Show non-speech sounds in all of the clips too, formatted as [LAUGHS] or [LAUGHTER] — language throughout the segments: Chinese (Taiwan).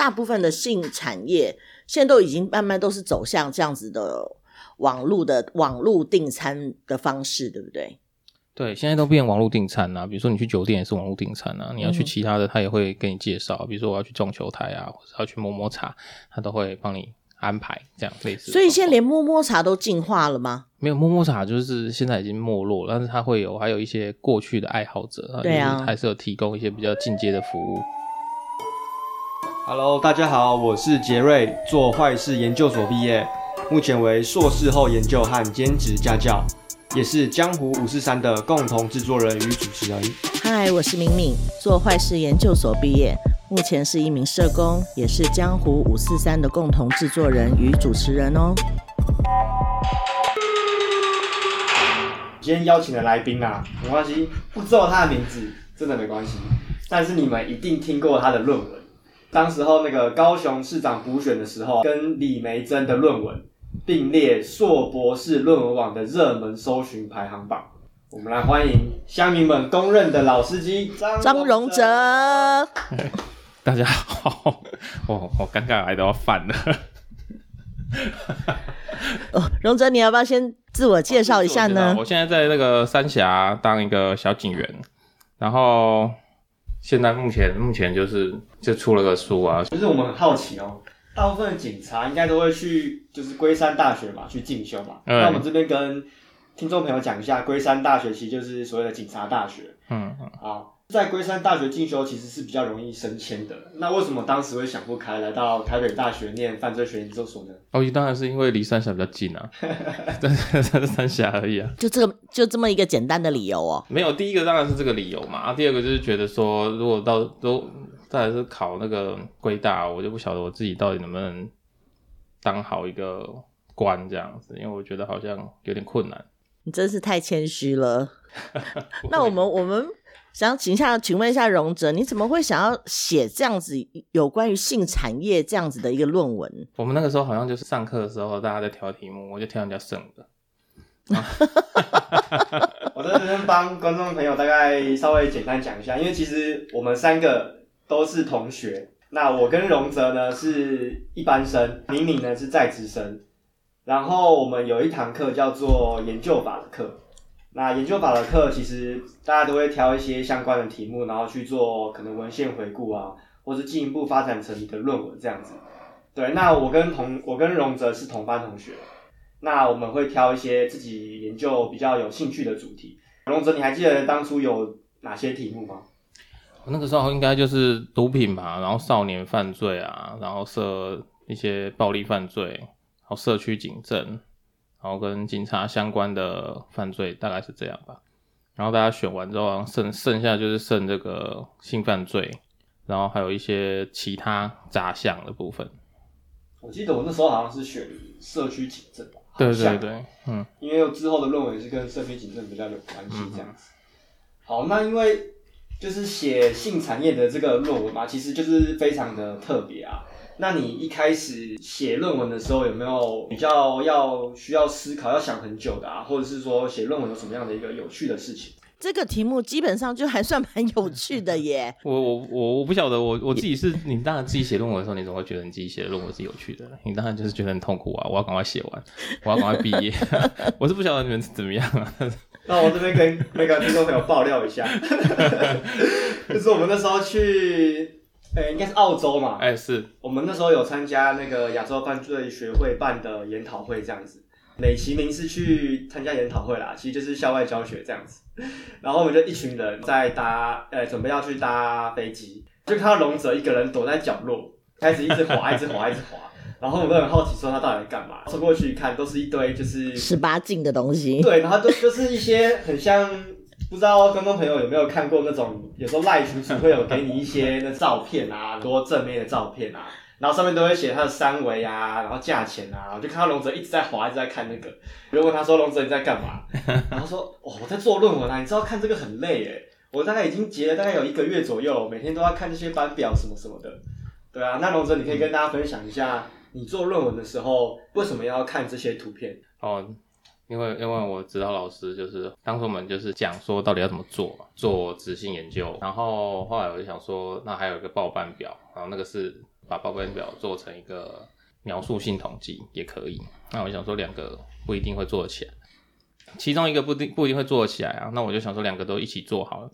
大部分的性產業現在都已經慢慢都是走向這樣子的網絡的網絡訂餐的方式，對不對？對，現在都變網絡訂餐了、啊。比如說你去酒店也是網絡訂餐啊，嗯、哼你要去其他的，他也會給你介紹、啊。比如說我要去撞球台啊，或者要去摸摸茶，他都會幫你安排這樣類似的。所以現在連摸摸茶都進化了嗎？沒有，摸摸茶就是現在已經沒落了，但是它會有還有一些過去的愛好者對啊，是還是有提供一些比較進階的服務。Hello，大家好，我是傑瑞，做壞事研究所畢業，目前為碩士後研究和兼職家教，也是江湖五四三的共同制作人與主持人。嗨，Hi，我是敏敏，做壞事研究所畢業，目前是一名社工，也是江湖五四三的共同制作人與主持人哦。今天邀請的來賓啊，沒關係，不知道他的名字，真的沒關係，但是你們一定聽過他的論文。當時候那個高雄市長補選的時候，跟李眉蓁的論文並列碩博士論文網的熱門搜尋排行榜。我們來歡迎鄉民們公認的老司機張榮哲、哲。大家好，我我尷尬來的要犯了。 [LAUGHS] 哦，榮哲，你要不要先自我介紹一下呢？我現在在那個三峽當一個小警員，然後。現在目前目前就是就出了個書啊，就是我們很好奇哦，大部分警察應該都會去，就是龜山大學嘛，去進修嘛。嗯。那我們這邊跟聽眾朋友講一下，龜山大學其實就是所謂的警察大學。嗯嗯，好。在龜山大學進修其實是比較容易升遷的。那為什麼當時會想不開，來到台北大學念犯罪學研究所呢？哦，當然是因為離三峽比較近啊， [LAUGHS] 但是三峽而已啊。就這個，就這麼一個簡單的理由哦。沒有，第一個當然是這個理由嘛。第二個就是覺得說，如果到都再來是考那個龜大，我就不曉得我自己到底能不能當好一個官這樣子，因為我覺得好像有點困難。你真是太謙虛了。 [LAUGHS] 會那我們，我們。想請一下，請問一下榮哲，你怎麼會想要寫這樣子有關於性產業這樣子的一個論文？我們那個時候好像就是上課的時候，大家在挑題目，我就挑人家剩的。我在這邊幫觀眾朋友大概稍微簡單講一下，因為其實我們三個都是同學。那我跟榮哲呢是一般生，鳴敏呢是在職生。然後我們有一堂課叫做研究法的課。那研究法的課，其實大家都會挑一些相關的題目，然後去做可能文獻回顧啊，或是進一步發展成你的論文這樣子。對，那我跟同我跟榮哲是同班同學，那我們會挑一些自己研究比較有興趣的主題。榮哲，你還記得當初有哪些題目嗎？那個時候應該就是毒品吧，然後少年犯罪啊，然後涉一些暴力犯罪，然後社區警政。然後跟警察相關的犯罪大概是這樣吧，然後大家選完之後剩剩下就是剩這個性犯罪，然後還有一些其他雜項的部分。我記得我那時候好像是選社區警政吧。哦、對對對，嗯，因為我之後的論文是跟社區警政比較有關係這樣子。嗯、哼好，那因為就是寫性產業的這個論文嘛、啊，其實就是非常的特別啊。那你一開始寫論文的時候，有沒有比較要需要思考、要想很久的啊？或者是說寫論文有什麼樣的一個有趣的事情？這個題目基本上就還算蠻有趣的耶。我我我我不曉得我，我我自己是你當然自己寫論文的時候，你總會覺得你自己寫的論文是有趣的。你當然就是覺得很痛苦啊！我要趕快寫完，我要趕快畢業。 [LAUGHS] [LAUGHS] 我是不曉得你們是怎麼樣啊。 [LAUGHS] 那我這邊跟那個聽眾朋友爆料一下， [LAUGHS] 就是我們那時候去。哎、欸，應該是澳洲嘛？哎、欸，是我們那時候有參加那個亞洲犯罪學會辦的研討會這樣子。美其名是去參加研討會啦，其實就是校外教學這樣子。然後我們就一群人在搭，呃、欸，準備要去搭飛機，就看到榮哲一個人躲在角落，開始一直滑，一直滑，一直滑。直滑 [LAUGHS] 然後我們都很好奇，說他到底在幹嘛？走過去一看，都是一堆就是十八禁的東西。對，然後都就是一些很像。不知道觀眾朋友有沒有看過那種，有時候賴群組會有給你一些那照片啊， [LAUGHS] 多正面的照片啊，然後上面都會寫他的三圍啊，然後價錢啊。我就看到榮哲一直在滑，一直在看那個。然後問他說：“榮哲 [LAUGHS] 你在幹嘛？”然後說：“哦，我在做論文啊，你知道看這個很累誒，我大概已經結了大概有一個月左右，每天都要看這些班表什麼什麼的。”對啊，那榮哲你可以跟大家分享一下，你做論文的時候為什麼要看這些圖片、嗯、哦。因為，因為我指導老師就是當初我們就是講說，到底要怎麼做做質性研究，然後後來我就想說，那還有一個報班表，然後那個是把報班表做成一個描述性統計也可以。那我想說兩個不一定會做得起來，其中一個不一定不一定會做得起來啊。那我就想說兩個都一起做好了，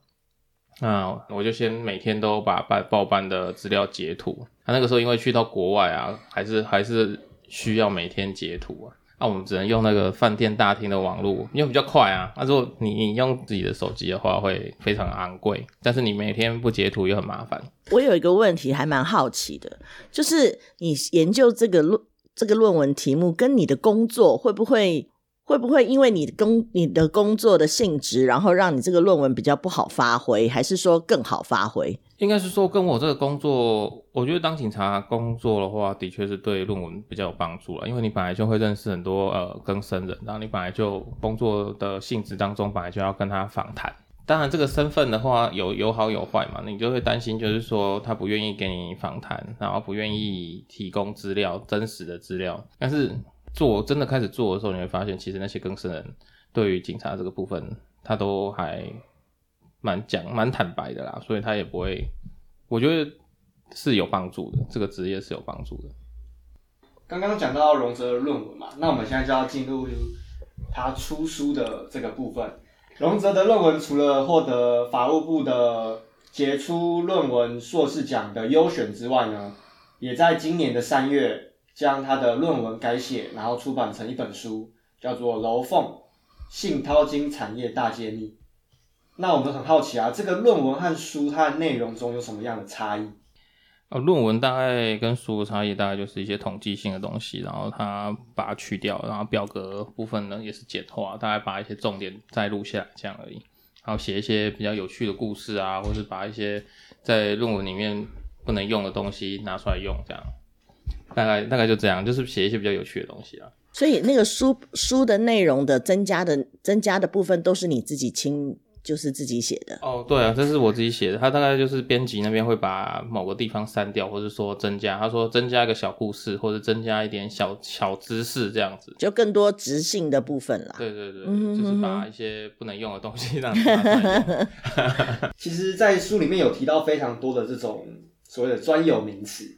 那我就先每天都把報報班的資料截圖。他、啊、那個時候因為去到國外啊，還是還是需要每天截圖啊。那、啊、我們只能用那個飯店大廳的網絡，因為比較快啊。那、啊、如果你你用自己的手機的話，會非常昂貴。但是你每天不截圖也很麻煩。我有一個問題還蠻好奇的，就是你研究這個論這個論文題目跟你的工作會不會？會不會因為你工你的工作的性質，然後讓你這個論文比較不好發揮，還是說更好發揮？應該是說跟我這個工作，我覺得當警察工作的話，的確是對論文比較有幫助了，因為你本來就會認識很多呃更生人，然後你本來就工作的性質當中，本來就要跟他訪談。當然，這個身份的話，有有好有壞嘛，你就會擔心，就是說他不願意給你訪談，然後不願意提供資料，真實的資料，但是。做，真的開始做的時候，你會發現其實那些更生人對於警察這個部分，他都還蠻講蠻坦白的啦，所以他也不會，我覺得是有幫助的，這個職業是有幫助的。剛剛講到榮哲的論文嘛，那我們現在就要進入他出書的這個部分。榮哲的論文除了獲得法務部的傑出論文碩士獎的優選之外呢，也在今年的三月。將他的論文改寫，然後出版成一本書，叫做《樓鳳性淘金產業大揭密》。那我們很好奇啊，這個論文和書它的內容中有什麼樣的差異？哦，論文大概跟書的差異大概就是一些統計性的東西，然後他把它去掉，然後表格部分呢也是簡化，啊，大概把一些重點再錄下來這樣而已。然後寫一些比較有趣的故事啊，或是把一些在論文裡面不能用的東西拿出來用這樣。大概大概就這樣，就是寫一些比較有趣的東西啦。所以那個書書的內容的增加的增加的部分都是你自己親就是自己寫的哦，oh, 對啊，這是我自己寫的。他大概就是編輯那邊會把某個地方刪掉，或者說增加。他說增加一個小故事，或者增加一點小小知識這樣子，就更多直性的部分了。對對對，就是把一些不能用的東西讓。其實，在書裡面有提到非常多的這種所謂的專有名詞。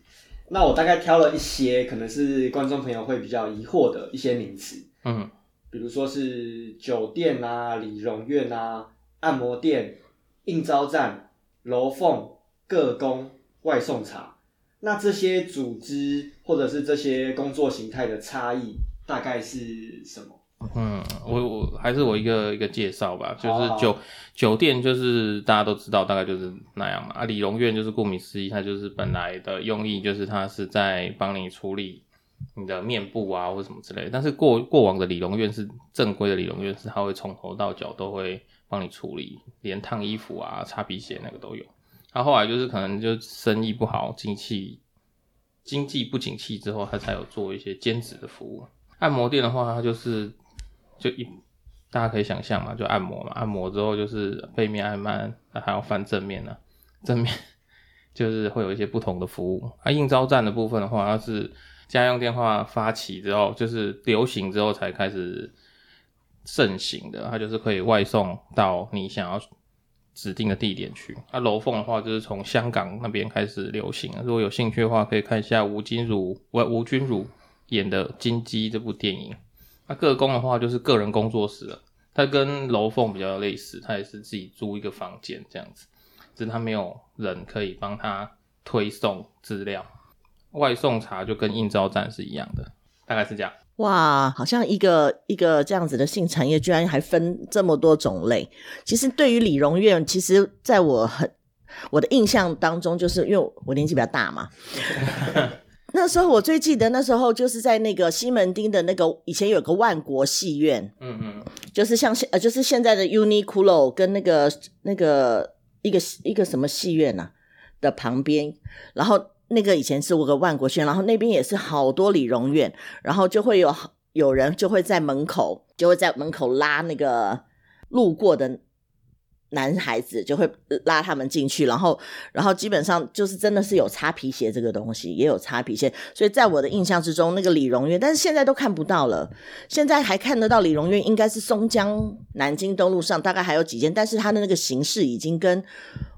那我大概挑了一些，可能是觀眾朋友會比較疑惑的一些名詞，嗯，比如說是酒店啊、理容院啊、按摩店、應召站、樓鳳、個工、外送茶，那這些組織或者是這些工作形態的差異，大概是什麼？嗯，我我還是我一個一個介紹吧，就是酒好好酒店就是大家都知道，大概就是那樣嘛啊。理容院就是顧名思義，它就是本來的用意就是它是在幫你處理你的面部啊或什麼之類。但是過過往的理容院是正規的理容院是，他會從頭到腳都會幫你處理，連燙衣服啊、擦皮鞋那個都有。他、啊、後來就是可能就生意不好，經濟經濟不景氣之後，他才有做一些兼職的服務。按摩店的話，它就是。就一，大家可以想象嘛，就按摩嘛，按摩之後就是背面按摩，還要翻正面呢、啊。正面就是會有一些不同的服務。啊，應召站的部分的話，它是家用電話發起之後，就是流行之後才開始盛行的。它就是可以外送到你想要指定的地點去。啊，樓鳳的話就是從香港那邊開始流行。如果有興趣的話，可以看一下吳君如，吳吳君如演的《金雞》這部電影。他個工的話就是個人工作室了，他跟樓鳳比較有類似，他也是自己租一個房間這樣子，只是他沒有人可以幫他推送資料。外送茶就跟應召站是一樣的，大概是這樣。哇，好像一個一個這樣子的性產業居然還分這麼多種類。其實對於理容院，其實在我很我的印象當中，就是因為我年紀比較大嘛。 [LAUGHS] 那時候我最記得，那時候就是在那個西門町的那個以前有個萬國戲院，嗯嗯哼，就是像現呃就是現在的 UNIQLO 跟那個那個一個一個什麼戲院啊的旁邊，然後那個以前是我個萬國軒，然後那邊也是好多理容院，然後就會有有人就會在門口就會在門口拉那個路過的。男孩子就會拉他們進去，然後，然後基本上就是真的是有擦皮鞋這個東西，也有擦皮鞋。所以在我的印象之中，那個理容院，但是現在都看不到了。現在還看得到理容院，應該是松江南京東路上，大概還有幾間，但是它的那個形式已經跟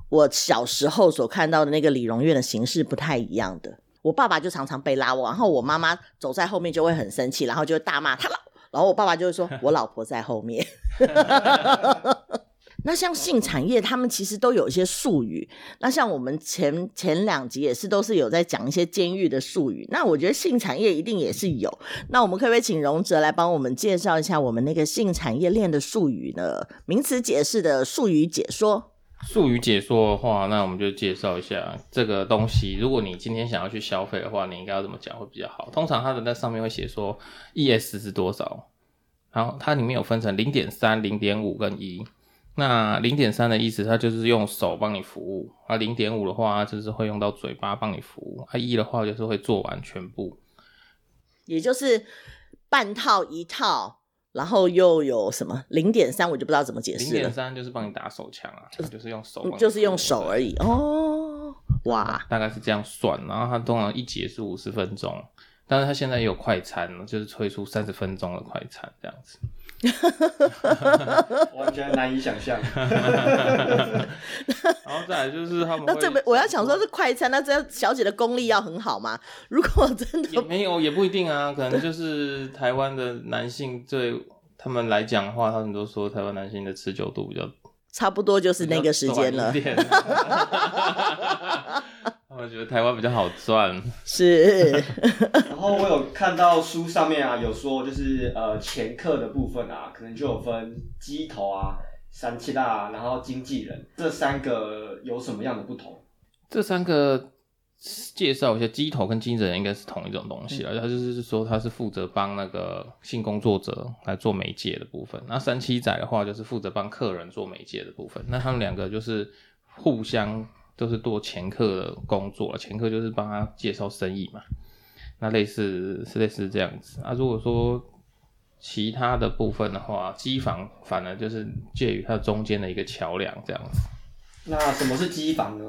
我小時候所看到的那個理容院的形式不太一樣的。的我爸爸就常常被拉我，然後我媽媽走在後面就會很生氣，然後就會大罵他。然後我爸爸就會說：“ [LAUGHS] 我老婆在後面。 [LAUGHS] ”那像性產業，他們其實都有一些術語。那像我們前前兩集也是都是有在講一些監獄的術語。那我覺得性產業一定也是有。那我們可不可以請榮哲來幫我們介紹一下我們那個性產業鏈的術語呢？名詞解釋的術語解說。術語解說的話，那我們就介紹一下這個東西。如果你今天想要去消費的話，你應該要怎麼講會比較好？通常它的那上面會寫說 ES 是多少，然後它裡面有分成零點三、零點五跟一。那零點三的意思，它就是用手幫你服務啊；零點五的話，就是會用到嘴巴幫你服務啊；一的話，就是會做完全部，也就是半套一套，然後又有什麼零點三，我就不知道怎麼解釋了。零點三就是幫你打手槍啊，就是用手，就是用手而已對哦。哇，大概是這樣算，然後它通常一節是五十分鐘，但是它現在也有快餐，就是推出三十分鐘的快餐這樣子。哈哈哈，完全難以想象然後再來就是他們， [LAUGHS] 那這邊我要想說，是快餐，那這小姐的功力要很好嗎？如果真的也沒有，也不一定啊，可能就是台灣的男性對他們來講的話，他們都說台灣男性的持久度比較。差不多就是那個時間了。 [LAUGHS] [LAUGHS] 我覺得台灣比較好賺。是。然後我有看到書上面啊，有說就是呃，前客的部分啊，可能就有分雞頭啊、三七大、啊、然後經紀人這三個有什麼樣的不同？這三個。介紹一下，機頭跟經紀人應該是同一種東西了，他、嗯、就是說他是負責幫那個性工作者來做媒介的部分。那三七仔的話就是負責幫客人做媒介的部分。那他們兩個就是互相都是做前客的工作，前客就是幫他介紹生意嘛。那類似是類似這樣子。那、啊、如果說其他的部分的話，機房反而就是介於它中間的一個橋樑這樣子。那什麼是機房呢？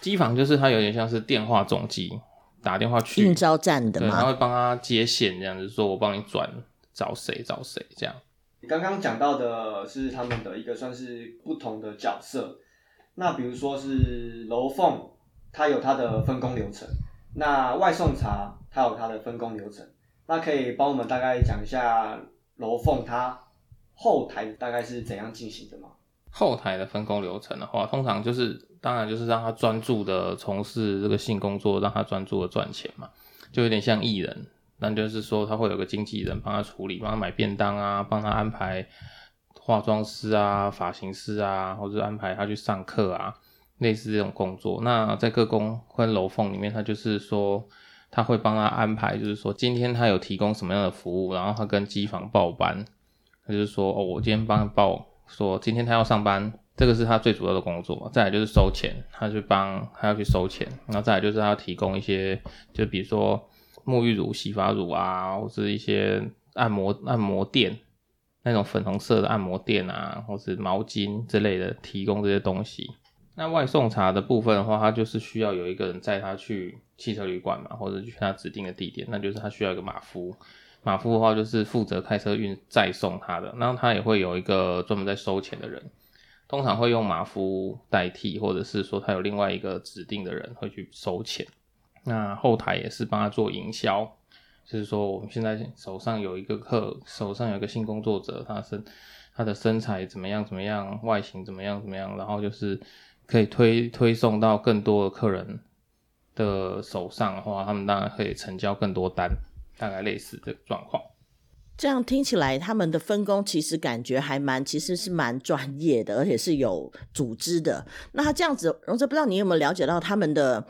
機房就是它，有點像是電話總機，打電話去應召站的。對，它會幫他接線，這樣子說，我幫你轉，找誰找誰這樣。你剛剛講到的是他們的一個算是不同的角色，那比如說是樓鳳，它有它的分工流程，那外送茶它有它的分工流程，那可以幫我們大概講一下樓鳳它後台大概是怎樣進行的嗎？後台的分工流程的話，通常就是當然就是讓他專注的從事這個性工作，讓他專注的賺錢嘛，就有點像藝人。那就是說他會有個經紀人幫他處理，幫他買便當啊，幫他安排化妝師啊、髮型師啊，或者安排他去上課啊，類似這種工作。那在各工分樓鳳裡面，他就是說他會幫他安排，就是說今天他有提供什麼樣的服務，然後他跟機房報班，他就是說哦，我今天幫他報。說今天他要上班，這個是他最主要的工作。再來就是收錢，他去幫，他要去收錢。然後再來就是他要提供一些，就比如說沐浴乳、洗髮乳啊，或是一些按摩按摩墊，那種粉紅色的按摩墊啊，或是毛巾之類的，提供這些東西。那外送茶的部分的話，他就是需要有一個人載他去汽車旅館嘛，或者去他指定的地點，那就是他需要一個馬夫。馬夫的話就是負責開車運載送他的，然後他也會有一個專門在收錢的人，通常會用馬夫代替，或者是說他有另外一個指定的人會去收錢。那後台也是幫他做營銷，就是說我們現在手上有一個客，手上有一個性工作者，他是他的身材怎麼樣怎麼樣，外形怎麼樣怎麼樣，然後就是可以推推送到更多的客人的手上的話，他們當然可以成交更多單。大概類似的狀況，這樣聽起來，他們的分工其實感覺還蠻，其實是蠻專業的，而且是有組織的。那他這樣子，榮哲，不知道你有沒有了解到他們的，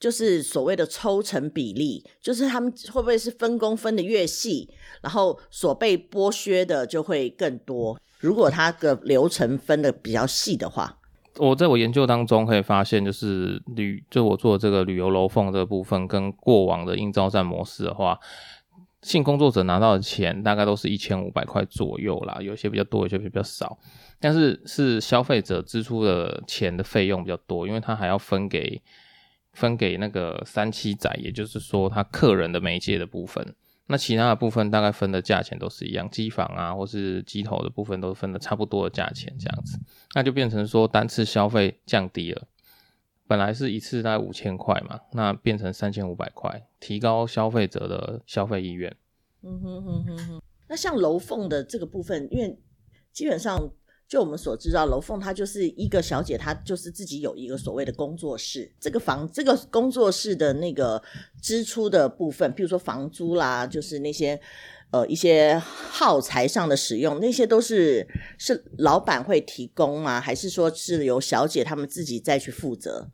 就是所謂的抽成比例，就是他們會不會是分工分得越細，然後所被剝削的就會更多？如果他的流程分得比較細的話。我在我研究當中可以發現，就是旅就我做這個旅遊樓鳳這個部分，跟過往的應召站模式的話，性工作者拿到的錢大概都是一千五百塊左右啦，有些比較多，有些比較少，但是是消費者支出的錢的費用比較多，因為他還要分給分給那個三七仔，也就是說他客人的媒介的部分。那其他的部分大概分的價錢都是一樣，機房啊或是機頭的部分都分的差不多的價錢這樣子，那就變成說單次消費降低了，本來是一次大概五千塊嘛，那變成三千五百塊，提高消費者的消費意願，嗯。嗯哼哼哼哼，那像樓鳳的這個部分，因為基本上。就我們所知道，樓鳳她就是一個小姐，她就是自己有一個所謂的工作室。這個房、這個工作室的那個支出的部分，譬如說房租啦，就是那些呃一些耗材上的使用，那些都是是老闆會提供嗎？還是說是由小姐他們自己再去負責？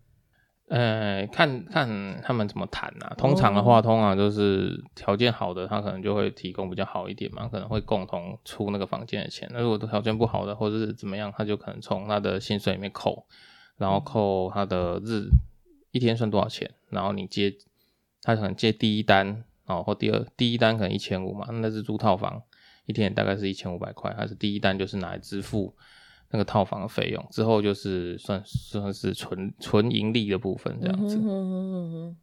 呃、欸，看看他們怎麼談啊。通常的話，通常，就是條件好的，他可能就會提供比較好一點嘛，可能會共同出那個房間的錢。那如果條件不好的，或者是怎麼樣，他就可能從他的薪水裡面扣，然後扣他的日一天算多少錢。然後你接，他可能接第一單哦、喔，或第二第一單可能一千五嘛，那是租套房，一天也大概是一千五百塊，還是第一單就是拿來支付。那個套房的費用之後，就是算算是純純盈利的部分這樣子。嗯嗯嗯、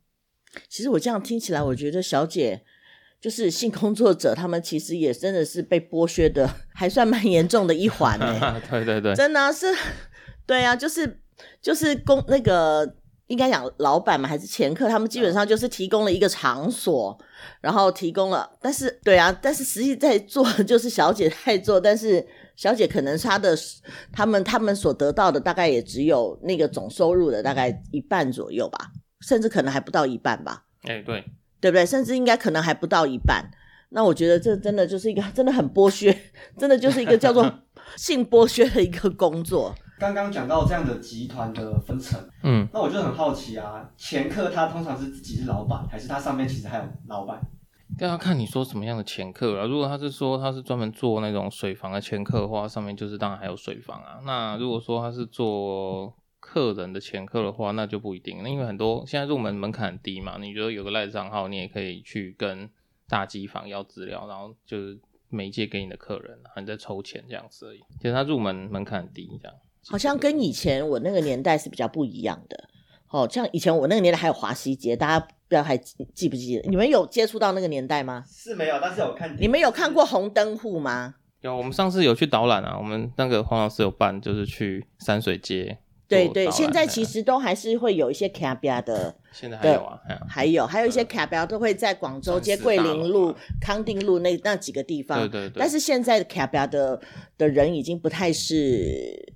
其實我這樣聽起來，我覺得小姐就是性工作者，他們其實也真的是被剝削的，還算蠻嚴重的一環哎、欸。 [LAUGHS] 對對對，對，真的是，對啊，就是就是公那個應該講老闆嘛，還是前客，他們基本上就是提供了一個場所，嗯、然後提供了，但是對啊，但是實際在做就是小姐在做，但是。小姐可能她的他們他們所得到的大概也只有那個總收入的大概一半左右吧，甚至可能還不到一半吧。哎、欸，對，對不對？甚至應該可能還不到一半。那我覺得這真的就是一個真的很剝削， [LAUGHS] 真的就是一個叫做性剝削的一個工作。剛剛講到這樣的集團的分層，嗯，那我就很好奇啊，前客他通常是自己是老闆，還是他上面其實還有老闆？要看你說什麼樣的前客啊，如果他是說他是專門做那種水房的前客的話，上面就是當然還有水房啊。那如果說他是做客人的前客的話，那就不一定，因為很多現在入門門檻低嘛。你覺得有個賴賬號，你也可以去跟大機房要資料，然後就是媒介給你的客人，還在抽錢這樣子而已。其實他入門門檻低，這樣好像跟以前我那個年代是比較不一樣的。哦，像以前我那個年代還有華西街，大家不知道還記不記得？你們有接觸到那個年代嗎？是沒有，但是有看。你們有看過紅燈戶嗎？有，我們上次有去導覽啊。我們那個黃老師有辦，就是去山水街。啊、對，對對，現在其實都還是會有一些卡比亞的、嗯。現在還有啊，嗯、對還有，還有還有一些卡比亞都會在廣州街、對桂林路、對康定路那那幾個地方。對對對。但是現在的卡比亞的的人已經不太是。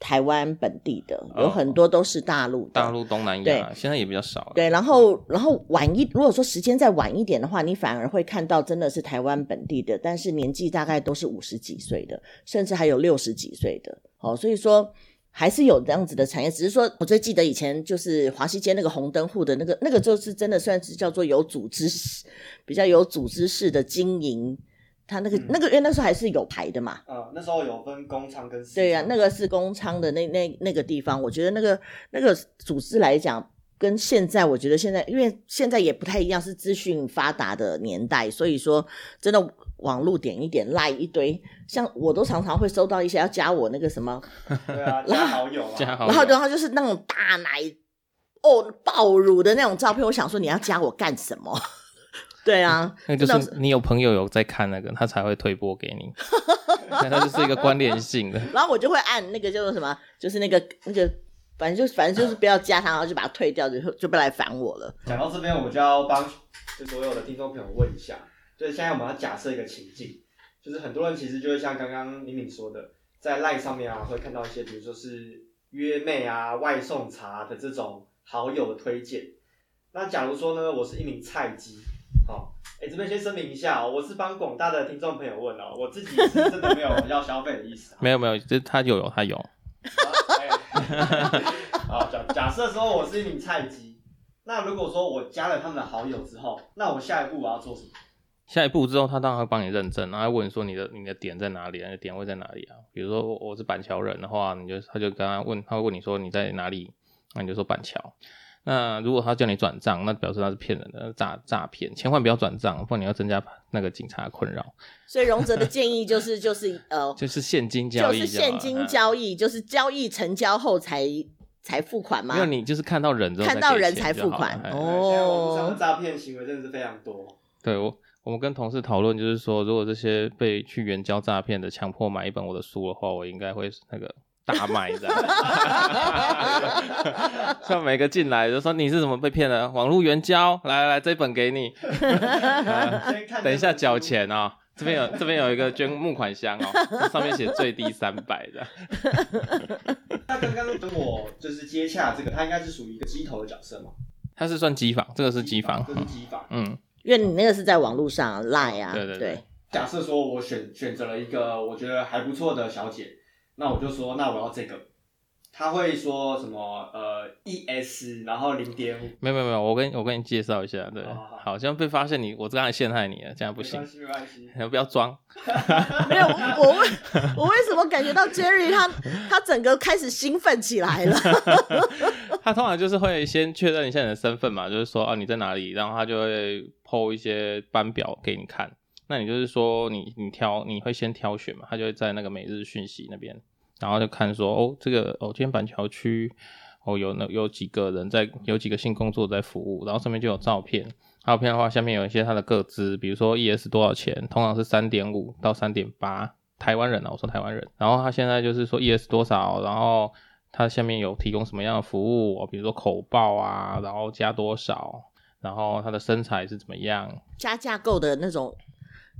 台灣本地的有很多都是大陸、哦，大陸東南亞，對現在也比較少、欸。對，然後然後晚一，如果說時間再晚一點的話，你反而會看到真的是台灣本地的，但是年紀大概都是五十幾歲的，甚至還有六十幾歲的。好、哦，所以說還是有這樣子的產業，只是說我最記得以前就是華西街那個紅燈戶的那個那個就是真的算是叫做有組織，比較有組織式的經營。他那個、嗯、那個，因為那時候還是有牌的嘛。嗯，那時候有分公娼跟私對呀、啊，那個是公娼的那那那個地方，我覺得那個那個組織來講，跟現在我覺得現在，因為現在也不太一樣，是資訊發達的年代，所以說真的網絡點一點賴一堆，像我都常常會收到一些要加我那個什麼。對啊，拉加好友加好友。然後然後就是那種大奶哦，爆乳的那種照片，我想說你要加我幹什麼？對啊、嗯，那就是你有朋友有在看那個，他才會推播給你，那他 [LAUGHS] 就是一個關聯性的。 [LAUGHS] 然後我就會按那個叫做什麼，就是那個那個，反正就是、反正就是不要加他，然後就把他退掉，就就不來煩我了。講到這邊，我們就要幫就所有的聽眾朋友問一下，就是現在我們要假設一個情境，就是很多人其實就會像剛剛敏敏說的，在賴上面啊，會看到一些比如說是約妹啊、外送茶、啊、的這種好友的推薦。那假如說呢，我是一名菜雞。好，哦欸，這邊先聲明一下哦，我是幫廣大的聽眾朋友問哦，我自己是真的沒有要消費的意思啊。沒有沒有，這他有有他有。假假設說我是一名菜雞，那如果說我加了他們的好友之後，那我下一步我要做什麼？下一步之後，他當然會幫你認證，然後問說你的你的點在哪裡，那點位在哪裡啊？比如說我是板橋人的話，你就他就跟他問他會問你說你在哪裡，那你就說板橋。那如果他叫你轉賬，那表示他是騙人的詐詐騙，千萬不要轉賬，不然你要增加那個警察的困擾。所以榮哲的建議就是， [LAUGHS] 就是呃，就是，就，就是現金交易，就是現金交易，就是交易成交後才才付款嗎？因為你就是看到人之後，看到人才付款。哦嘿。現在我們詐騙行為真的是非常多。對我，我們跟同事討論，就是說，如果這些被去援交詐騙的強迫買一本我的書的話，我應該會那個。大買的， [LAUGHS] [LAUGHS] 像每個進來就說，你是怎麼被騙的？網絡援交，來來來，這一本給你。 [LAUGHS] 呃、等一下交錢哦， [LAUGHS] 這邊有這邊有一個捐募款箱哦， [LAUGHS] 上面寫最低三百的。他剛剛跟我就是接洽這個，他應該是屬於一個雞頭的角色嘛？他是算機房，這個是機房，這是機房，嗯，因為你那個是在網絡上、啊、，line，、啊、對對對。對，假設說我選選擇了一個我覺得還不錯的小姐。那我就說，那我要這個。他會說什麼？呃，ES，然後零點五。沒有沒有沒有，我跟我跟你介紹一下，對，哦、好，像被發現你，我剛才陷害你了，這樣不行，你不要裝。 [LAUGHS] [LAUGHS] 沒有，我為我，我為什麼感覺到 Jerry 他他整個開始興奮起來了？ [LAUGHS] 他通常就是會先確認一下你的身份嘛，就是說啊，你在哪裡？然後他就會 PO 一些班表給你看。那你就是說你，你你挑，你會先挑選嘛？他就會在那個每日訊息那邊。然後就看說，哦，這個哦，今天板橋區，哦，有那有幾個人在，有幾個性工作在服務，然後上面就有照片，照片的話，下面有一些他的個資，比如說 ES 多少錢，通常是三點五到三點八，台灣人啊，我說台灣人，然後他現在就是說 ES 多少，然後他下面有提供什麼樣的服務，比如說口爆啊，然後加多少，然後他的身材是怎麼樣，加價購的那種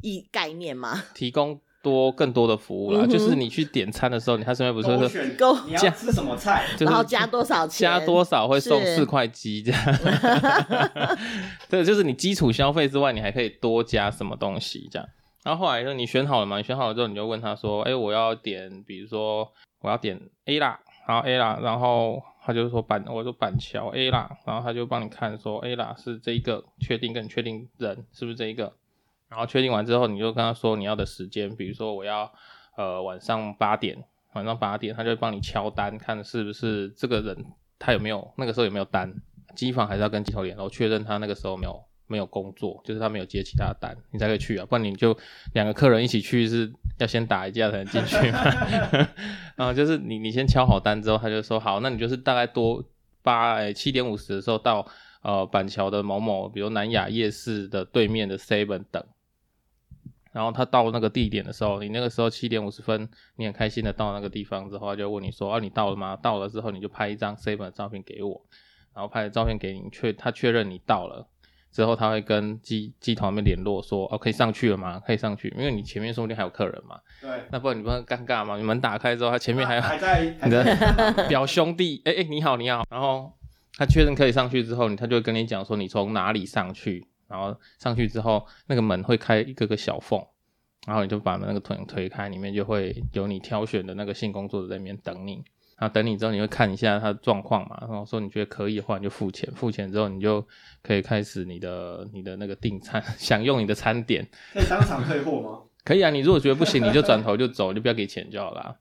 一概念嗎？提供。多更多的服務啦，嗯、哼就是你去點餐的時候，你他身邊不是說，你要吃什麼菜，加 [LAUGHS] 然後加多少錢，加多少會送四塊雞這樣是。 [LAUGHS] [LAUGHS] 對，就是你基礎消費之外，你還可以多加什麼東西這樣。然後後來說你選好了嗎？你選好了之後，你就問他說，哎、欸，我要點，比如說我要點 A 啦，然後 A 啦，然後他就說板，我說板橋 A 啦，然後他就幫你看說 A 啦是這一個，確定跟你確定人是不是這一個？然後確定完之後，你就跟他說你要的時間，比如說我要，呃，晚上八點，晚上八點，他就幫你敲單，看是不是這個人，他有沒有那個時候有沒有單，機房還是要跟機頭聯絡，然後確認他那個時候沒有沒有工作，就是他沒有接其他的單，你才可以去啊，不然你就兩個客人一起去，是要先打一架才能進去嗎？啊， [LAUGHS] [LAUGHS] 就是你你先敲好單之後，他就說好，那你就是大概多八哎七點五十的時候到，呃，板橋的某某，比如南雅夜市的對面的 seven 等。然後他到那個地點的時候，你那個時候七點五十分，你很開心的到那個地方之後，他就問你說：“啊，你到了嗎？”到了之後，你就拍一張 Save 的照片給我，然後拍照片給你，確，他確認你到了之後，他會跟雞雞頭那邊聯絡說：“哦，可以上去了嗎？可以上去，因為你前面說不定還有客人嘛。”對，那不然你不是很尷尬嗎？你門打開之後，他前面還有、啊、還在 [LAUGHS] 你的表兄弟，哎、欸、哎、欸，你好你好。然後他確認可以上去之後，他就會跟你講說你從哪裡上去。然後上去之後，那個門會開一個個小縫，然後你就把那個腿推開，裡面就會有你挑選的那個性工作者在裡面等你。然後等你之後，你會看一下他的狀況嘛，然後說你覺得可以的話，你就付錢。付錢之後，你就可以開始你的你的那個訂餐，享用你的餐點。可以當場退貨嗎？ [LAUGHS] 可以啊，你如果覺得不行，你就轉頭就走，就不要給錢就好啦啊。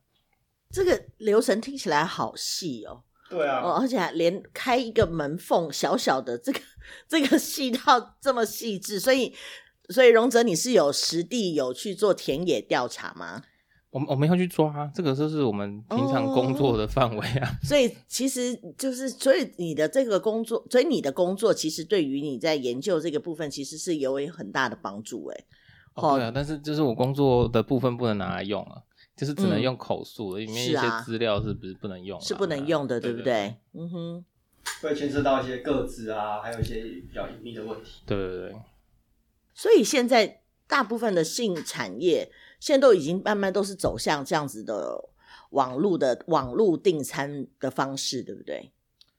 這個流程聽起來好細哦。對啊，哦，而且連開一個門縫小小的，這個這個細到這麼細緻，所以所以榮哲你是有實地有去做田野調查嗎？我們我們要去抓這個，就是我們平常工作的範圍啊、哦。所以其實就是，所以你的這個工作，所以你的工作其實對於你在研究這個部分，其實是有很大的幫助誒、欸哦。對啊，哦、但是就是我工作的部分不能拿來用了、啊。就是只能用口述，因為、嗯、一些資料是不是不能用？是不能用的，對不對？對對對，嗯哼，會牽涉到一些個資啊，還有一些比較隱秘的問題。對對對。所以現在大部分的性產業，現在都已經慢慢都是走向這樣子的網絡的網絡訂餐的方式，對不對？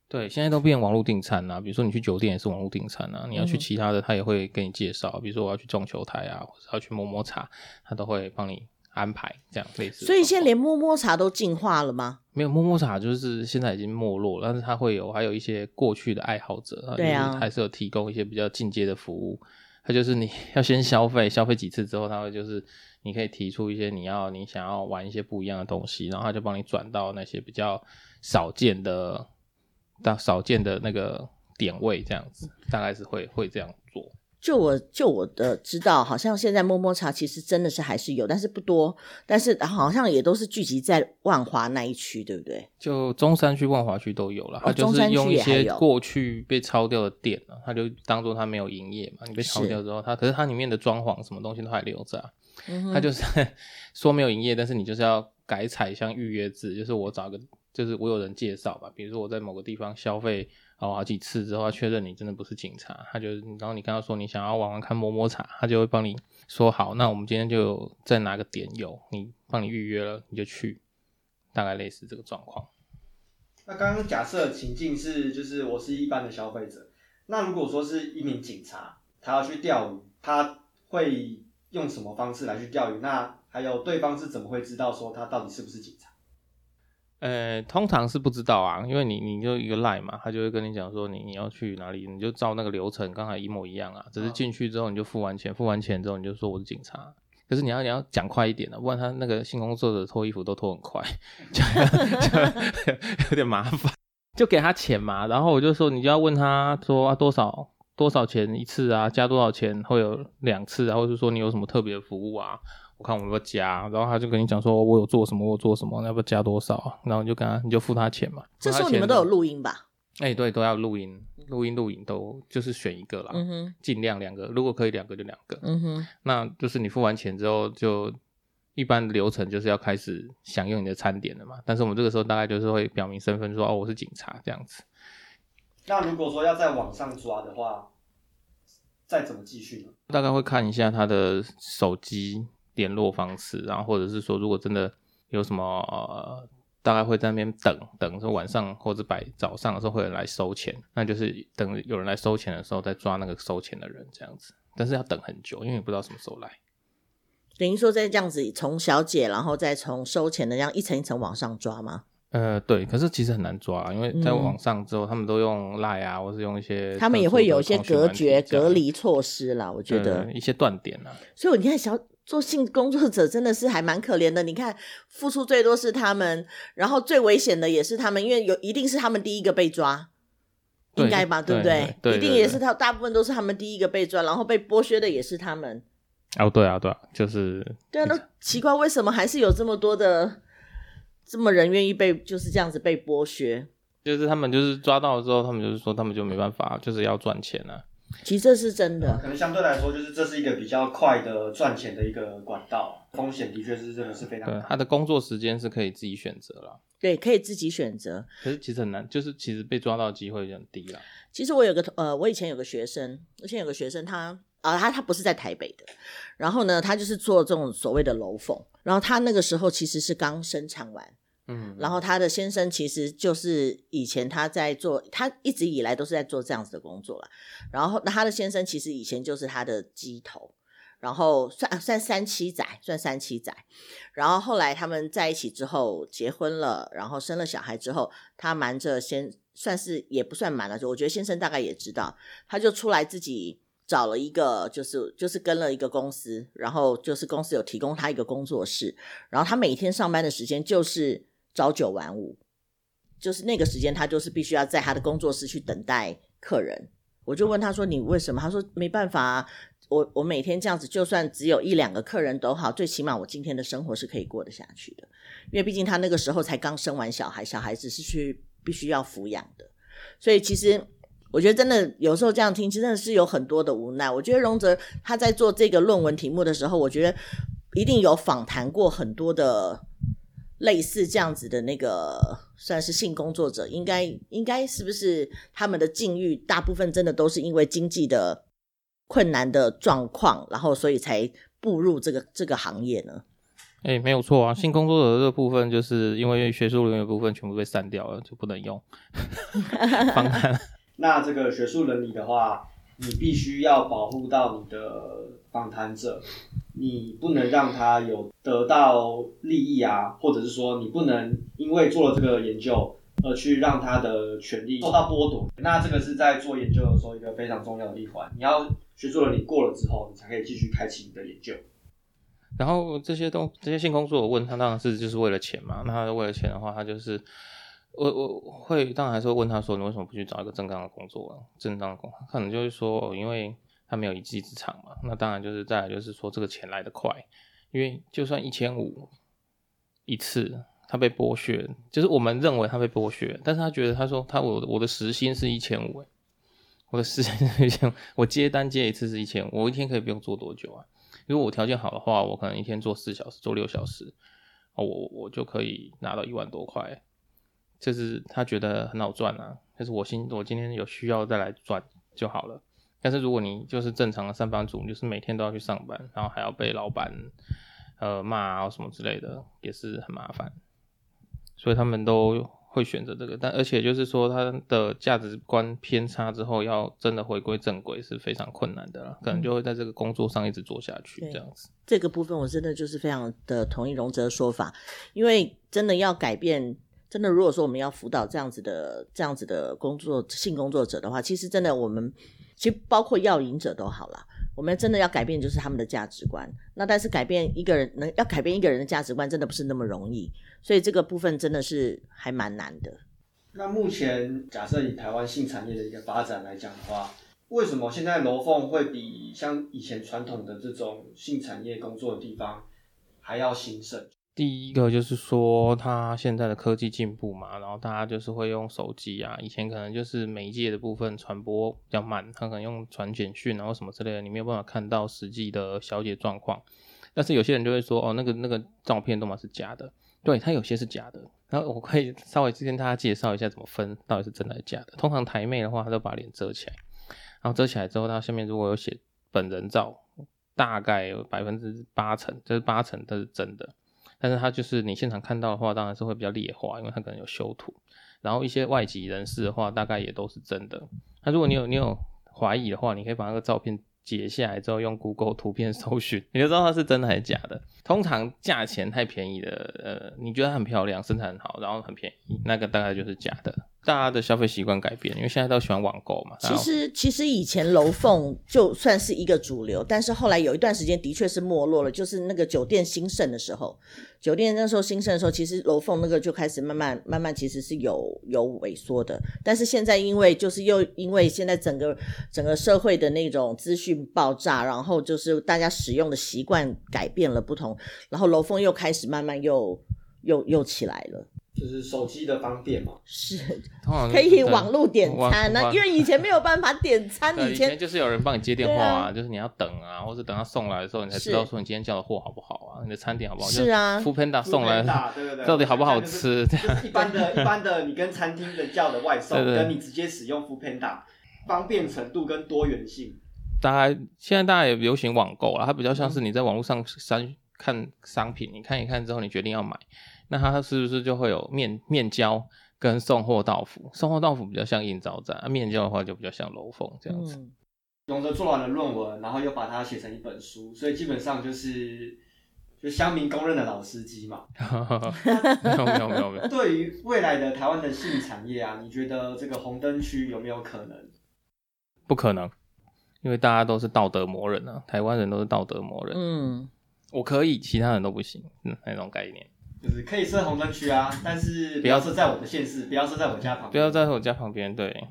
對，現在都變網絡訂餐了、啊。比如說你去酒店也是網絡訂餐啊，你要去其他的，他也會給你介紹。嗯、哼比如說我要去撞球台啊，或者要去摸摸茶，他都會幫你。安排這樣類似，所以現在連摸摸茶都進化了嗎？沒有，摸摸茶就是現在已經沒落了，但是它會有，還有一些過去的愛好者，對呀、啊，還是有提供一些比較進階的服務。他就是你要先消費，消費幾次之後，他會就是你可以提出一些你要你想要玩一些不一樣的東西，然後他就幫你轉到那些比較少見的到少見的那個點位，這樣子大概是會會這樣做。就我就我的知道，好像現在摸摸茶其實真的是還是有，但是不多，但是好像也都是聚集在萬華那一區，對不對？就中山區、萬華區都有了。哦、中山區也有。它就是用一些過去被抄掉的店，啊、它就當做它沒有營業嘛。你被抄掉之後，是它可是它裡面的裝潢什麼東西都還留着，啊。嗯、哼它就是說沒有營業，但是你就是要改採像預約制，就是我找個，就是我有人介紹吧，比如說我在某個地方消費。好幾次之後他確認你真的不是警察，他就然後你剛剛說你想要玩玩看摸摸茶，他就會幫你說好，那我們今天就在哪個點有你，幫你預約了你就去，大概類似這個狀況。那剛剛假設情境是就是我是一般的消費者，那如果說是一名警察，他要去釣魚，他會用什麼方式來去釣魚？那還有對方是怎麼會知道說他到底是不是警察？呃，通常是不知道啊，因為你你就一個賴嘛，他就會跟你講說你你要去哪裡，你就照那個流程，剛才一模一樣啊，只是進去之後你就付完錢，的付完錢之後你就說我是警察，可是你要你要講快一點的，啊，不然他那個性工作者脫衣服都脫很快， [LAUGHS] [LAUGHS] [LAUGHS] 有點麻煩，就給他錢嘛，然後我就說你就要問他說，啊、多少多少錢一次啊，加多少錢會有兩次，啊，然後就說你有什麼特別的服務啊。我看我有沒有加，然後他就跟你講說，我有做什麼，我做什麼，要不要加多少、啊、然後你就跟他，你就付他錢嘛。錢這時候你們都有錄音吧？哎、欸，對，都要錄音，錄音，錄影，都就是選一個啦。嗯哼，盡量兩個，如果可以兩個就兩個。嗯哼，那就是你付完錢之後，就一般流程就是要開始享用你的餐點了嘛。但是我們這個時候大概就是會表明身份說，說哦，我是警察這樣子。那如果說要在網上抓的話，再怎麼繼續呢？嗯、大概會看一下他的手機。聯絡方式，然後或者是說，如果真的有什麼，呃、大概會在那邊等等，說晚上或者擺早上的時候會有人來收錢，那就是等有人來收錢的時候再抓那個收錢的人這樣子。但是要等很久，因為也不知道什麼時候來。等於說，在這樣子從小姐，然後再從收錢的這樣一層一層往上抓嗎？呃，對。可是其實很難抓，因為在往上之後，嗯、他們都用賴啊，或是用一些，他們也會有一些隔絕隔離措施啦，我覺得、呃、一些斷點啦、啊。所以我你看小。做性工作者真的是還蠻可憐的，你看，付出最多是他們，然後最危險的也是他們，因為有一定是他們第一個被抓，對，應該吧？對，對不對？對，對對一定也是他，大部分都是他們第一個被抓，然後被剝削的也是他們。哦，對啊，對啊，就是。對啊，那奇怪，為什麼還是有這麼多的這麼人願意被就是這樣子被剝削？就是他們就是抓到了之後，他們就是說他們就沒辦法，就是要賺錢呢、啊。其實這是真的，可能相對來說，就是這是一個比較快的賺錢的一個管道，風險的確是真的是非常大。他的工作時間是可以自己選擇了，對，可以自己選擇。可是其實很難，就是其實被抓到的機會很低了。其實我有個呃，我以前有個學生，我以前有個學生他，他啊，他他不是在台北的，然後呢，他就是做這種所謂的樓鳳，然後他那個時候其實是剛生產完。嗯，然後他的先生其實就是以前他在做，他一直以來都是在做這樣子的工作了。然後那他的先生其實以前就是他的雞頭，然後算算三七仔，算三七仔。然後後來他們在一起之後結婚了，然後生了小孩之後，他瞞着先，算是也不算瞞了，就我覺得先生大概也知道，他就出來自己找了一個，就是就是跟了一個公司，然後就是公司有提供他一個工作室，然後他每天上班的時間就是。朝九晚五，就是那個時間，他就是必須要在他的工作室去等待客人。我就問他說：“你為什麼？”他說：“沒辦法啊，我我每天這樣子，就算只有一兩個客人都好，最起碼我今天的生活是可以過得下去的。因為畢竟他那個時候才剛生完小孩，小孩子是去必須要撫養的。所以其實我覺得真的有時候這樣聽，其實真的是有很多的無奈。我覺得榮哲他在做這個論文題目的時候，我覺得一定有訪談過很多的。”類似這樣子的那個，算是性工作者，應該應該是不是他們的境遇，大部分真的都是因為經濟的困難的狀況，然後所以才步入這個這個行業呢？哎、欸，沒有錯啊，性工作者的這個部分就是因為學術倫理部分全部被刪掉了，就不能用。那這個學術倫理的話，你必須要保護到你的訪談者。你不能讓他有得到利益啊，或者是說你不能因為做了這個研究而去讓他的權利受到剝奪。那這個是在做研究的時候一個非常重要的一環，你要學術倫理過了之後，你才可以繼續開啟你的研究。然後這些東，這些性工作，我問他當然是就是為了錢嘛。那他為了錢的話，他就是我我會當然還是會問他說，你為什麼不去找一個正當的工作啊？正當的工作，可能就是說因為。他沒有一技之長嘛，那當然就是再來就是說，這個錢來得快，因為就算一千五一次，他被剝削，就是我們認為他被剝削，但是他覺得他說他，我我的時薪是一千五耶，我的時薪是一千五，我接單接一次是一千五，我一天可以不用做多久啊，如果我條件好的話，我可能一天做四小時，做六小時，啊，我我就可以拿到一萬多塊，這，就是他覺得很好賺啊，就是我心，我今天有需要再來賺就好了。但是如果你就是正常的上班族，你就是每天都要去上班，然後還要被老闆呃罵啊什麼之類的，也是很麻煩。所以他們都會選擇這個，但而且就是說他的價值觀偏差之後，要真的回歸正軌是非常困難的啦，嗯、可能就會在這個工作上一直做下去對這樣子。這個部分我真的就是非常的同意榮哲的說法，因為真的要改變，真的如果說我們要輔導這樣子的這樣子的工作性工作者的話，其實真的我們。其實包括要引者，都好了，我們真的要改變就是他們的價值觀。那但是改變一個人，能要改變一個人的價值觀，真的不是那麼容易。所以這個部分真的是還蠻難的。那目前假設以台灣性產業的一個發展來講的話，為什麼現在樓鳳會比像以前傳統的這種性產業工作的地方還要興盛？第一個就是說，他現在的科技進步嘛，然後大家就是會用手機啊，以前可能就是媒介的部分傳播比較慢，他可能用傳簡訊然後什麼之類的，你沒有辦法看到實際的小姐狀況。但是有些人就會說，哦，那個那個照片都嘛是假的。對，它有些是假的。然後我可以稍微先跟大家介紹一下怎麼分到底是真的還假的。通常台妹的話，她都把臉遮起來，然後遮起來之後，她下面如果有寫本人照，大概有百分之八成，這，就是八成都是真的。但是它就是你現場看到的話，當然是會比較劣化，因為它可能有修圖。然後一些外籍人士的話，大概也都是真的。那、啊、如果你有你有懷疑的話，你可以把那個照片截下來之後，用 Google 圖片搜尋，你就知道它是真的還是假的。通常價錢太便宜的，呃，你覺得它很漂亮，身材很好，然後很便宜，那個大概就是假的。大家的消費習慣改變，因為現在都喜歡網購嘛。其實，其實以前樓鳳就算是一個主流，但是後來有一段時間的確是沒落了。就是那個酒店興盛的時候，酒店那時候興盛的時候，其實樓鳳那個就開始慢慢、慢慢，其實是有有萎縮的。但是現在，因為就是又因為現在整個整個社會的那種資訊爆炸，然後就是大家使用的習慣改變了不同，然後樓鳳又開始慢慢又又又起來了。就是手機的方便嘛，是，可以網絡點餐，因為以前沒有辦法點餐，以前就是有人幫你接電話啊，就是你要等啊，或者等他送來的時候你才知道說你今天叫的貨好不好啊，你的餐點好不好？是啊，Foodpanda 送來到底好不好吃？一般的一般的你跟餐廳的叫的外送，跟你直接使用 Foodpanda，方便程度跟多元性，大家現在大家也流行網購了，它比較像是你在網絡上商看商品，你看一看之後你決定要買。那他是不是就會有面面交跟送貨到府？送貨到府比較像應召站啊，面交的話就比較像樓鳳這樣子。嗯，榮哲做完了論文，然後又把它寫成一本書，所以基本上就是就鄉民公認的老司機嘛 [LAUGHS] [LAUGHS] 沒。沒有沒有沒有。沒有 [LAUGHS] 對於未來的台灣的性產業啊，你覺得這個紅燈區有沒有可能？不可能，因為大家都是道德魔人啊，台灣人都是道德魔人。嗯，我可以，其他人都不行，嗯，那種概念。就是可以設紅燈區啊，但是不要設在我的縣市，不要設在我家旁邊。不要在我家旁邊，對。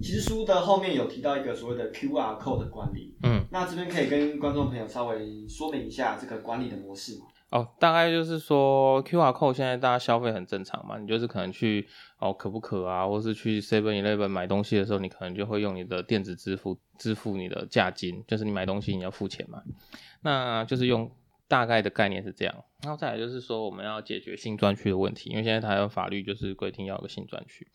其實書的後面有提到一個所謂的 QR code 的管理，嗯，那這邊可以跟觀眾朋友稍微說明一下這個管理的模式嗎？哦，大概就是說 QR code 現在大家消費很正常嘛，你就是可能去哦可不可啊，或是去 Seven Eleven 買東西的時候，你可能就會用你的電子支付支付你的價金，就是你買東西你要付錢嘛，那就是用。大概的概念是這樣，然後再來就是說，我們要解決性專區的問題，因為現在台灣法律，就是規定要有個性專區，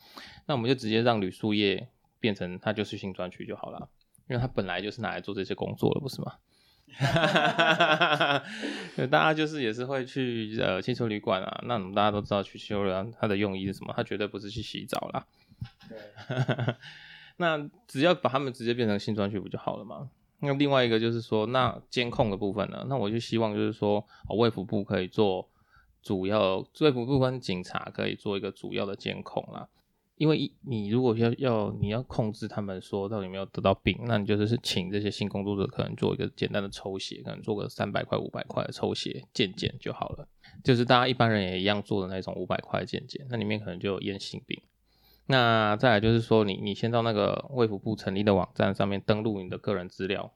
那我們就直接讓旅宿業變成它就是性專區就好了，因為它本來就是拿來做這些工作的，不是嗎？哈哈哈哈哈！大家就是也是會去呃汽車旅館啊，那我們大家都知道去修了旅它的用意是什麼，它絕對不是去洗澡啦， [LAUGHS] 對， [LAUGHS] 那只要把他們直接變成性專區不就好了嗎？那另外一個就是說，那監控的部分呢？那我就希望就是說，衛福部可以做主要，衛福部跟警察可以做一個主要的監控啦。因為一你如果要要你要控制他們說到底沒有得到病，那你就是請這些性工作者可能做一個簡單的抽血，可能做個三百塊五百塊的抽血健檢就好了。就是大家一般人也一樣做的那種五百塊的健檢，那裡面可能就有驗性病。那再來就是說你，你你先到那個衛福部成立的網站上面登錄你的個人資料，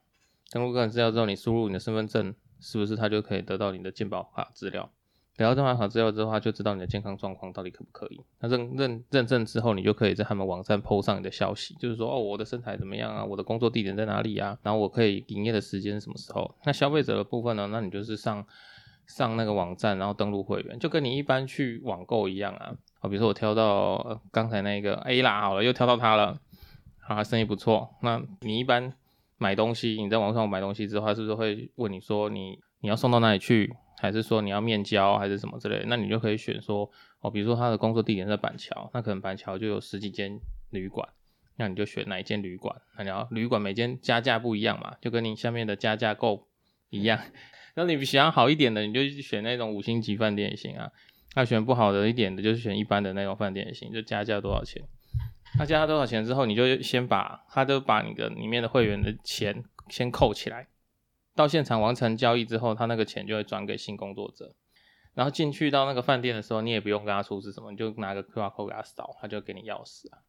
登錄個人資料之後，你輸入你的身份證，是不是他就可以得到你的健保卡資料？得到健保卡資料之後，他就知道你的健康狀況到底可不可以？那認認認證之後，你就可以在他們網站 PO 上你的消息，就是說哦，我的身材怎麼樣啊？我的工作地點在哪裡啊？然後我可以營業的時間是什麼時候？那消費者的部分呢？那你就是上上那個網站，然後登錄會員，就跟你一般去網購一樣啊。比如說我挑到呃、剛才那個 A、欸、啦，好了又挑到他了，他、啊、生意不錯。那你一般買東西，你在網上買東西之後，他是不是會問你說你你要送到哪裡去，還是說你要面交還是什麼之類的？那你就可以選說哦，比如說他的工作地點在板橋，那可能板橋就有十幾間旅館，那你就選哪一間旅館？那你要旅館每間加價不一樣嘛，就跟你下面的加價購一樣。 [LAUGHS] 那你想要好一點的，你就去選那種五星級飯店也行啊。他選不好的一點的，就是選一般的那種飯店也行，就加價多少錢。他加他多少錢之後，你就先把他就把你的裡面的會員的錢先扣起來。到現場完成交易之後，他那個錢就會轉給性工作者。然後進去到那個飯店的時候，你也不用跟他出示什麼，你就拿個 QR code 給他掃，他就給你鑰匙了啊。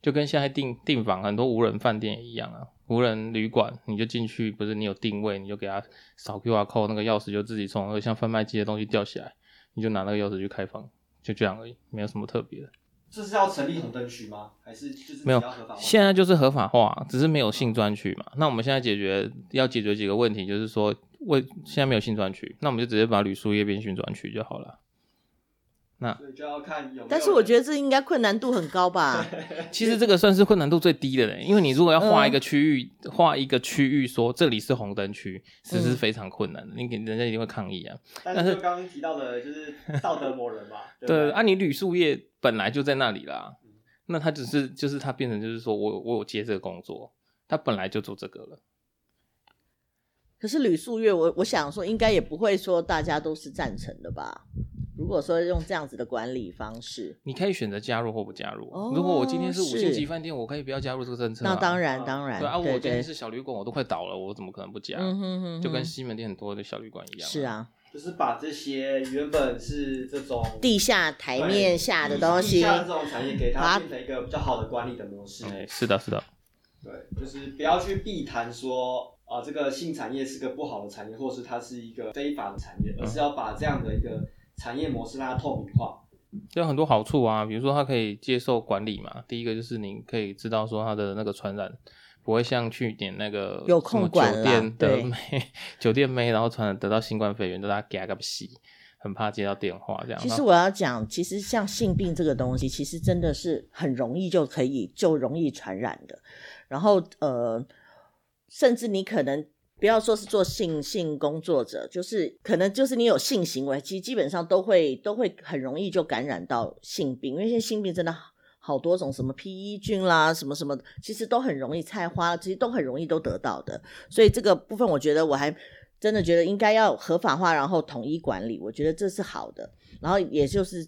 就跟現在訂訂房很多無人飯店也一樣啊，無人旅館你就進去，不是你有定位，你就給他掃 QR code，那個鑰匙就自己從像販賣機的東西掉下來。你就拿那個鑰匙去開房，就這樣而已，沒有什麼特別的。這是要成立紅燈區嗎？還是就是沒有合法化？現在就是合法化，只是沒有性專區嘛。嗯、那我們現在解決要解決幾個問題，就是說，為現在沒有性專區，那我們就直接把旅宿業變性專區就好了。那就要看有，有，但是我覺得這應該困難度很高吧？ [LAUGHS] 其實這個算是困難度最低的嘞，因為你如果要畫一個區域，畫、嗯、一個區域說這裡是紅燈區，其實是非常困難的，嗯、你給人家一定會抗議啊。但是剛剛提到的就是道德魔人嘛？ [LAUGHS] 對，吧對，啊，你旅宿業本來就在那裡啦，嗯、那他只、就是就是他變成就是說我我有接這個工作，他本來就做這個了。可是呂素月，我我想說，應該也不會說大家都是贊成的吧？如果說用這樣子的管理方式，你可以選擇加入或不加入。如果我今天是五星級飯店，我可以不要加入這個政策。那當然，當然。對啊，我今天是小旅館，我都快倒了，我怎麼可能不加？就跟西門店很多的小旅館一樣。是啊，就是把這些原本是這種地下台面下的東西，地下這種產業給它變成一個比較好的管理的模式。哎，是的，是的。對，就是不要去避談說。啊，這個性產業是個不好的產業，或是它是一個非法的產業，而是要把這樣的一個產業模式讓它透明化，這、嗯嗯、有很多好處啊，比如說它可以接受管理嘛。第一個就是您可以知道說它的那個傳染不會像去點那個什麼酒店的酒店妹，然後傳染得到新冠肺炎都它 g a 不很怕接到電話這樣。其實我要講，其實像性病這個東西，其實真的是很容易就可以就容易傳染的，然後呃。甚至你可能不要說是做性性工作者，就是可能就是你有性行為，其實基本上都會都會很容易就感染到性病，因為現在性病真的好，好多種，什麼 PE 菌啦，什麼什麼，其實都很容易菜花，其實都很容易都得到的。所以這個部分，我覺得我還真的覺得應該要合法化，然後統一管理，我覺得這是好的。然後也就是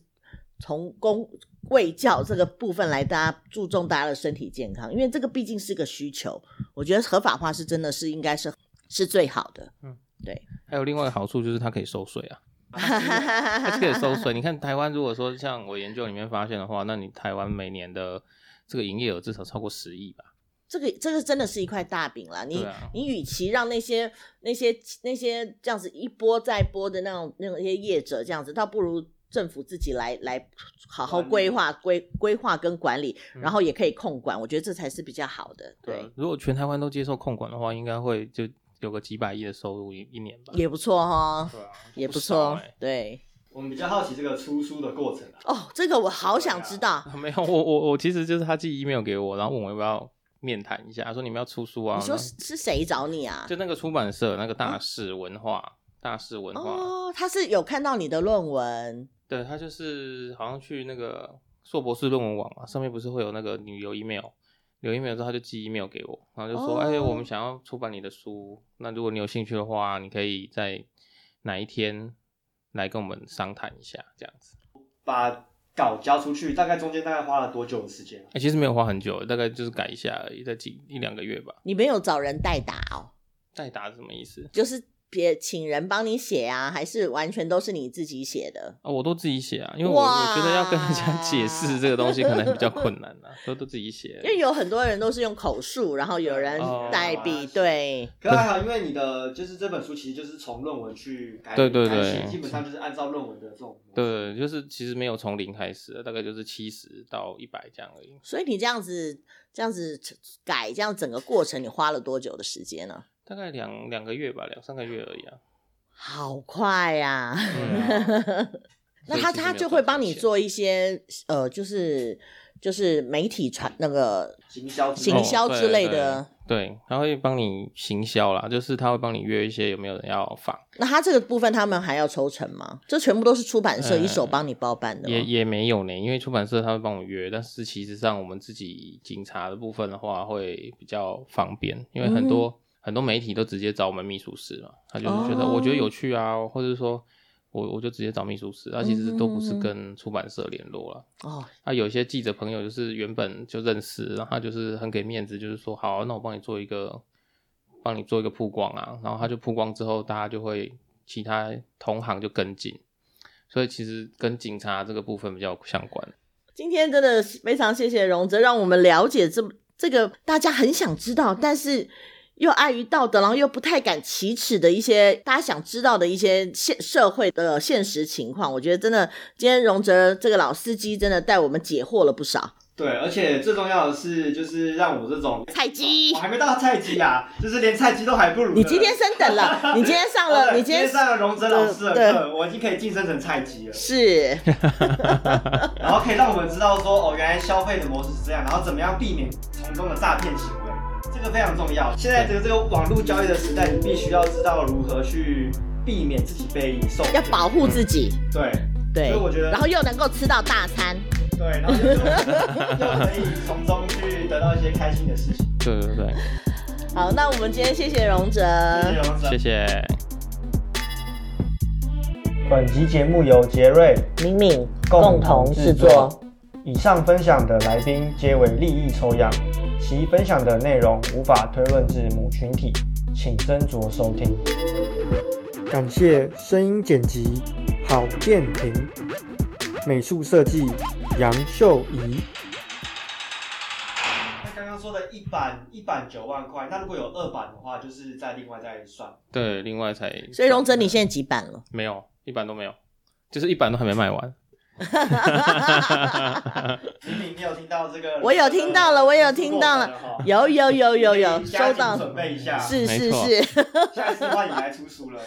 從公。衛教這個部分來，大家注重大家的身體健康，因為這個畢竟是個需求，我覺得合法化是真的是應該是是最好的。嗯，對。還有另外一個好處就是它可以收稅啊，它 [LAUGHS] 可，可以收稅。你看台灣，如果說像我研究裡面發現的話，那你台灣每年的這個營業額至少超過十億吧？這個這個真的是一塊大餅啦。你、啊、你與其讓那些那些那些這樣子一波再波的那種那種一些業者這樣子，倒不如。政府自己來來，好好規劃、管理、規規劃跟管理，嗯、然後也可以控管，我覺得這才是比較好的。對,對，如果全台灣都接受控管的話，應該會就有個幾百億的收入一一年吧，也不錯哈、哦。啊、不也不錯。對,對我們比較好奇這個出書的過程、啊、哦，這個我好想知道。啊、沒有，我我我其實就是他寄 email 給我，然後問我要不要面談一下，說你們要出書啊？你說是誰找你啊？就那個出版社，那個大是文化。嗯大是文化哦，他是有看到你的論文。對，他就是好像去那個碩博士論文網嘛，上面不是會有那個你留 email、留 email 之後他就寄 email 給我，然後就說：“哎、哦欸，我們想要出版你的書，那如果你有興趣的話，你可以在哪一天來跟我們商談一下，這樣子。”把稿交出去，大概中間大概花了多久的時間？哎、欸，其實沒有花很久，大概就是改一下而已，再幾一兩個月吧。你沒有找人代打哦？代打是什麼意思？就是。別請人幫你寫啊，還是完全都是你自己寫的？啊、哦，我都自己寫啊，因為我，哇我覺得要跟人家解釋這個東西可能比較困難啊。都 [LAUGHS] 都自己寫、啊。因為有很多人都是用口述，然後有人代筆，哦、對。哦、對，可還好，因為你的就是這本書，其實就是從論文去改對對對改寫，基本上就是按照論文的這種。對，就是其實沒有從零開始，大概就是七十到一百這樣而已。所以你這樣子。這樣子改，這樣整個過程你花了多久的時間呢？大概兩兩個月吧，兩三個月而已啊，好快呀！啊！那他他就會幫你做一些呃，就是就是媒體傳那個行銷行銷之類的。哦，對對對。對，他會幫你行銷啦，就是他會幫你約一些有沒有人要訪。那他這個部分，他們還要抽成嗎？這全部都是出版社、嗯、一手幫你包辦的嗎？也也沒有呢，因為出版社他會幫我約，但是其實上我們自己警察的部分的話，會比較方便，因為很多、嗯、很多媒體都直接找我們秘書室嘛，他就是覺得我覺得有趣啊，哦、或者說。我我就直接找秘書室，他其實都不是跟出版社聯絡了。哦、嗯嗯，他、啊、有些記者朋友就是原本就認識，然後他就是很給面子，就是說好，那我幫你做一個，幫你做一個曝光啊。然後他就曝光之後，大家就會其他同行就跟進，所以其實跟警察這個部分比較相關。今天真的是非常謝謝榮哲，讓我們了解這這個大家很想知道，但是。又礙於道德，然後又不太敢啟齒的一些大家想知道的一些現社會的現實情況，我覺得真的今天榮哲這個老司機真的帶我們解惑了不少。對，而且最重要的是，就是讓我這種菜雞，我還沒到菜雞啊，就是連菜雞都還不如。你今天升等了，你今天上了，你今天上了榮哲老師的課，我已經可以晉升成菜雞了。是。然後可以讓我們知道說，哦，原來消費的模式是這樣，然後怎麼樣避免從中的詐騙行為。這個非常重要。現在這個這個網絡交易的時代，你必須要知道如何去避免自己被受騙，要保護自己。對、嗯、對，對，所以我覺得，然後又能夠吃到大餐。對，然後就是、 [LAUGHS] 又可以從中去得到一些開心的事情。對對對。好，那我們今天謝謝榮哲，謝謝榮哲，謝謝。謝謝。本集節目由傑瑞、鳴敏共同製作。以上分享的來賓皆為立意抽樣，其分享的內容無法推論至母群體，請斟酌收聽。感謝聲音剪輯郝建廷，美術設計楊琇詒。那剛剛說的一版一版九萬塊，那如果有二版的話，就是再另外再算。對，另外才。所以榮哲你現在幾版了？沒有，一版都沒有，就是一版都還沒賣完。哈哈哈！哈！哈！哈！哈！哈哈我有聽到了，呃、我有聽到了，有有有有有，有有有有收到，準備一下，哈哈哈哈是是是，哈哈哈哈哈哈哈哈哈，下一次換你來出書了。